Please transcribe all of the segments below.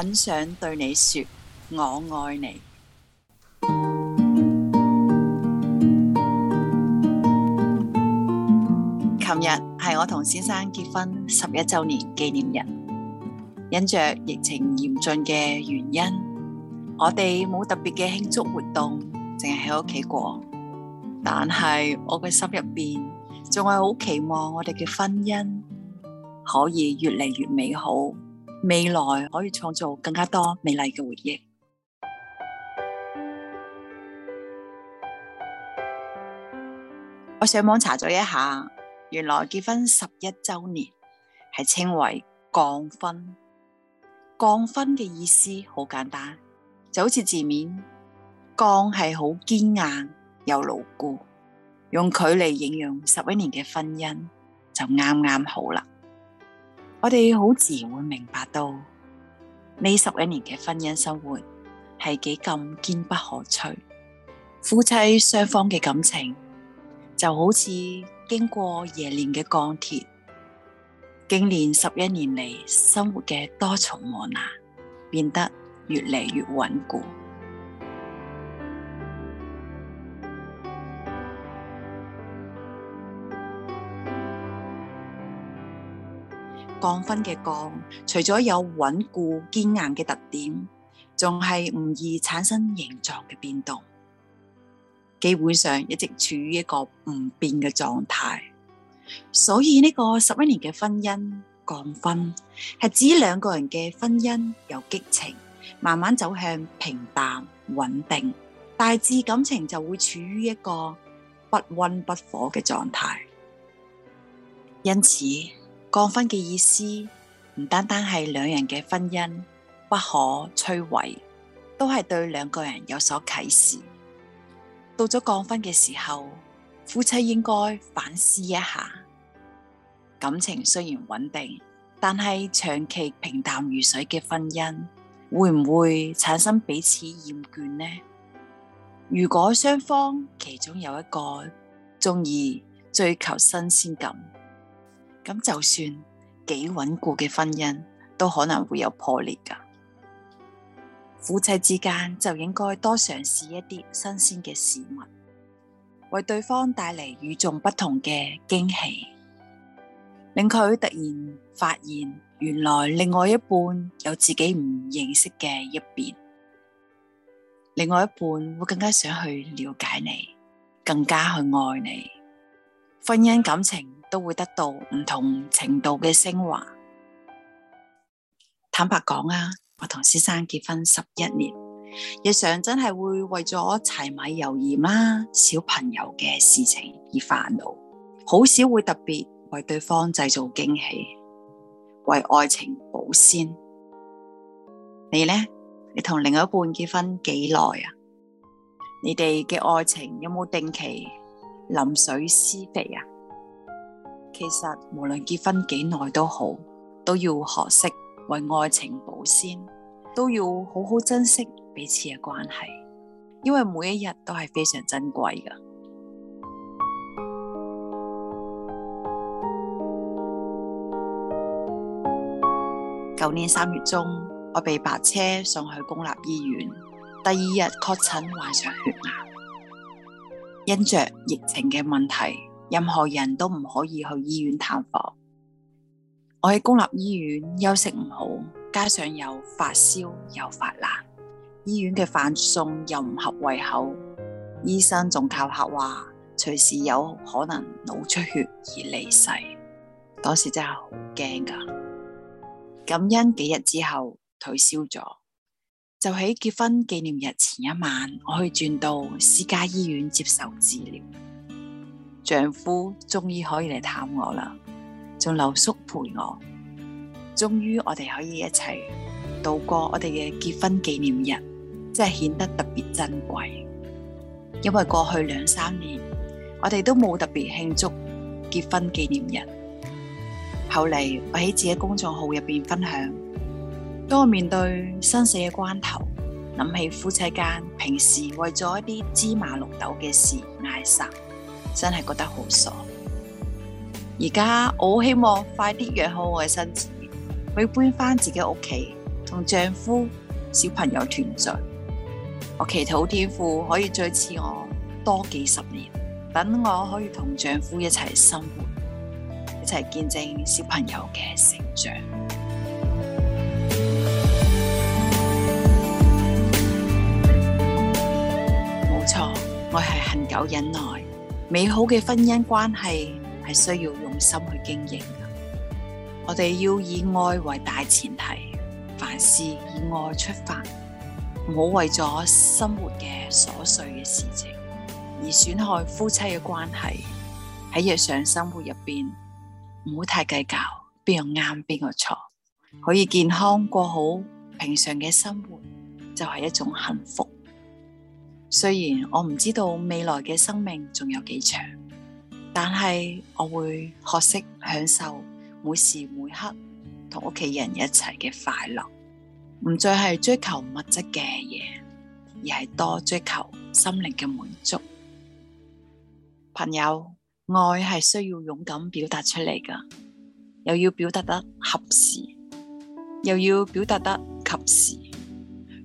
很想對你說，我愛你。琴日係我同先生結婚十一周年紀念日，因着疫情嚴峻嘅原因，我哋冇特別嘅慶祝活動，淨係喺屋企過。但係我嘅心入邊仲係好期望我哋嘅婚姻可以越嚟越美好。未來可以創造更加多美麗嘅回憶。我上網查咗一下，原來結婚十一週年係稱為鋼婚。鋼婚嘅意思好簡單，就好似字面，鋼係好堅硬又牢固，用佢嚟形容十一年嘅婚姻就啱啱好啦。我哋好自然會明白到，呢十一年嘅婚姻生活係幾咁堅不可摧，夫妻雙方嘅感情就好似經過夜 e 嘅鋼鐵，經年十一年嚟生活嘅多重磨難，變得越嚟越穩固。降分嘅降，除咗有穩固堅硬嘅特點，仲係唔易產生形狀嘅變動，基本上一直處於一個唔變嘅狀態。所以呢個十一年嘅婚姻降分，係指兩個人嘅婚姻由激情慢慢走向平淡穩定，大致感情就會處於一個不溫不火嘅狀態。因此。降婚嘅意思唔單單係兩人嘅婚姻不可摧毀，都係對兩個人有所啟示。到咗降婚嘅時候，夫妻應該反思一下，感情雖然穩定，但係長期平淡如水嘅婚姻，會唔會產生彼此厭倦呢？如果雙方其中有一個中意追求新鮮感，咁就算幾穩固嘅婚姻，都可能會有破裂㗎。夫妻之間就應該多嘗試一啲新鮮嘅事物，為對方帶嚟與眾不同嘅驚喜，令佢突然發現原來另外一半有自己唔認識嘅一邊，另外一半會更加想去了解你，更加去愛你。婚姻感情，都會得到唔同程度嘅升華。坦白講啊，我同先生結婚十一年，日常真係會為咗柴米油鹽啦、小朋友嘅事情而煩惱，好少會特別為對方製造驚喜，為愛情保鮮。你呢？你同另一半結婚幾耐啊？你哋嘅愛情有冇定期淋水施肥啊？其實無論結婚幾耐都好，都要學識為愛情保鮮，都要好好珍惜彼此嘅關係，因為每一日都係非常珍貴㗎。舊年三月中，我被白車送去公立醫院，第二日確診患上血癌，因着疫情嘅問題。任何人都唔可以去醫院探訪。我喺公立醫院休息唔好，加上又發燒又發冷，醫院嘅飯餸又唔合胃口，醫生仲靠客話，隨時有可能腦出血而離世。當時真係好驚㗎！感恩幾日之後退燒咗，就喺結婚紀念日前一晚，我去轉到私家醫院接受治療。丈夫終於可以嚟探我啦，仲留宿陪我。終於我哋可以一齊度過我哋嘅結婚紀念日，真係顯得特別珍貴。因為過去兩三年，我哋都冇特別慶祝結婚紀念日。後嚟我喺自己的公眾號入邊分享，當我面對生死嘅關頭，諗起夫妻間平時為咗一啲芝麻綠豆嘅事嗌殺。真係覺得好傻，而家我好希望快啲養好我嘅身子，我要搬翻自己屋企，同丈夫、小朋友團聚。我祈禱天父可以再賜我多幾十年，等我可以同丈夫一齊生活，一齊見證小朋友嘅成長。冇錯， 我係恆久忍耐。美好嘅婚姻關係係需要用心去經營嘅，我哋要以愛為大前提，凡事以愛出發，唔好為咗生活嘅瑣碎嘅事情而損害夫妻嘅關係。喺日常生活入邊，唔好太計較邊個啱邊個錯，可以健康過好平常嘅生活，就係一種幸福。雖然我唔知道未來嘅生命仲有幾長，但係我會學識享受每時每刻同屋企人一齊嘅快樂，唔再係追求物質嘅嘢，而係多追求心靈嘅滿足。朋友，愛係需要勇敢表達出嚟㗎，又要表達得合時，又要表達得及時。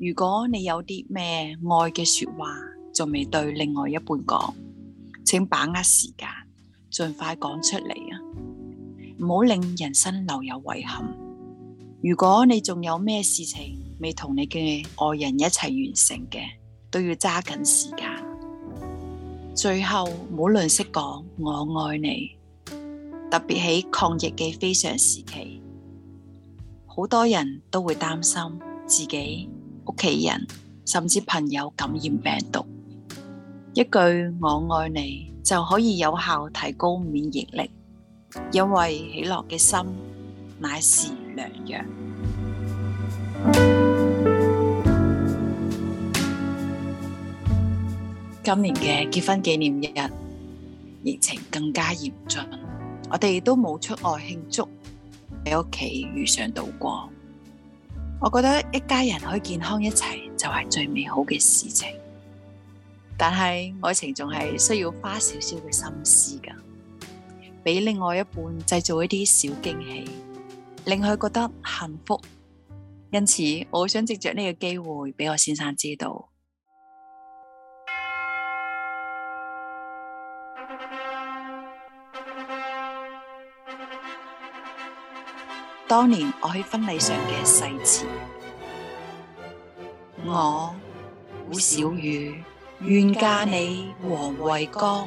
如果你有啲咩愛嘅說話，仲未對另外一半講，請把握時間，盡快講出嚟啊！唔好令人生留有遺憾。如果你仲有咩事情未同你嘅愛人一齊完成嘅，都要揸緊時間。最後，唔好吝嗇講我愛你，特別喺抗疫嘅非常時期，好多人都會擔心自己。屋企人甚至朋友感染病毒，一句我愛你就可以有效提高免疫力，因為喜樂嘅心乃是良藥。今年嘅結婚紀念日，疫情更加嚴峻，我哋都冇出外慶祝，喺屋企遇上度過。我覺得一家人可以健康一齊就係最美好嘅事情，但係愛情仲係需要花少少嘅心思噶，俾另外一半製造一啲小驚喜，令佢覺得幸福。因此，我好想藉着呢個機會俾我先生知道。當年我喺婚禮上嘅誓詞，我古小雨願嫁你黃衛剛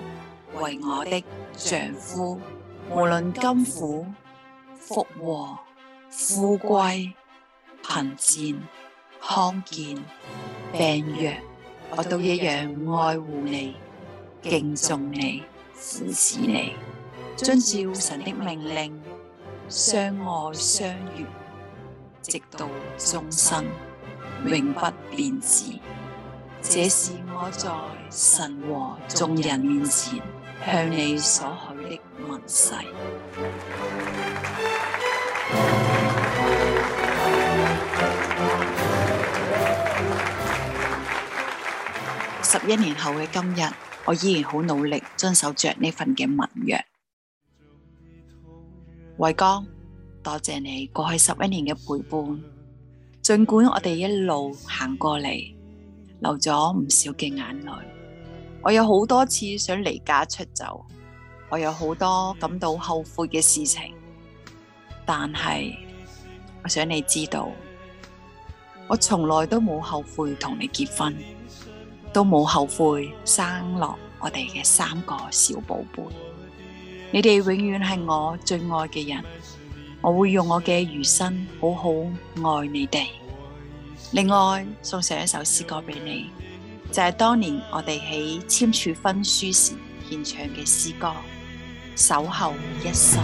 為我的丈夫，無論甘苦、福禍、富貴、貧賤、康健、病弱，我都一樣愛護你、敬重你、扶持你，遵照神的命令。相愛相悅，直到終生，永不變志。這是我在神和眾人面前向你所許的盟誓。十一年後嘅今日，我依然好努力遵守着呢份嘅盟約。偉剛，多謝你過去十一年嘅陪伴。盡管我哋一路行過嚟，流咗唔少嘅眼淚，我有好多次想離家出走，我有好多感到後悔嘅事情。但係，我想你知道，我從來都冇後悔同你結婚，都冇後悔生落我哋嘅三個小寶貝。你哋永遠係我最愛嘅人，我會用我嘅餘生好好愛你哋。另外，送上一首詩歌俾你，就係、是、當年我哋喺簽署婚書時獻唱嘅詩歌《守候一生》。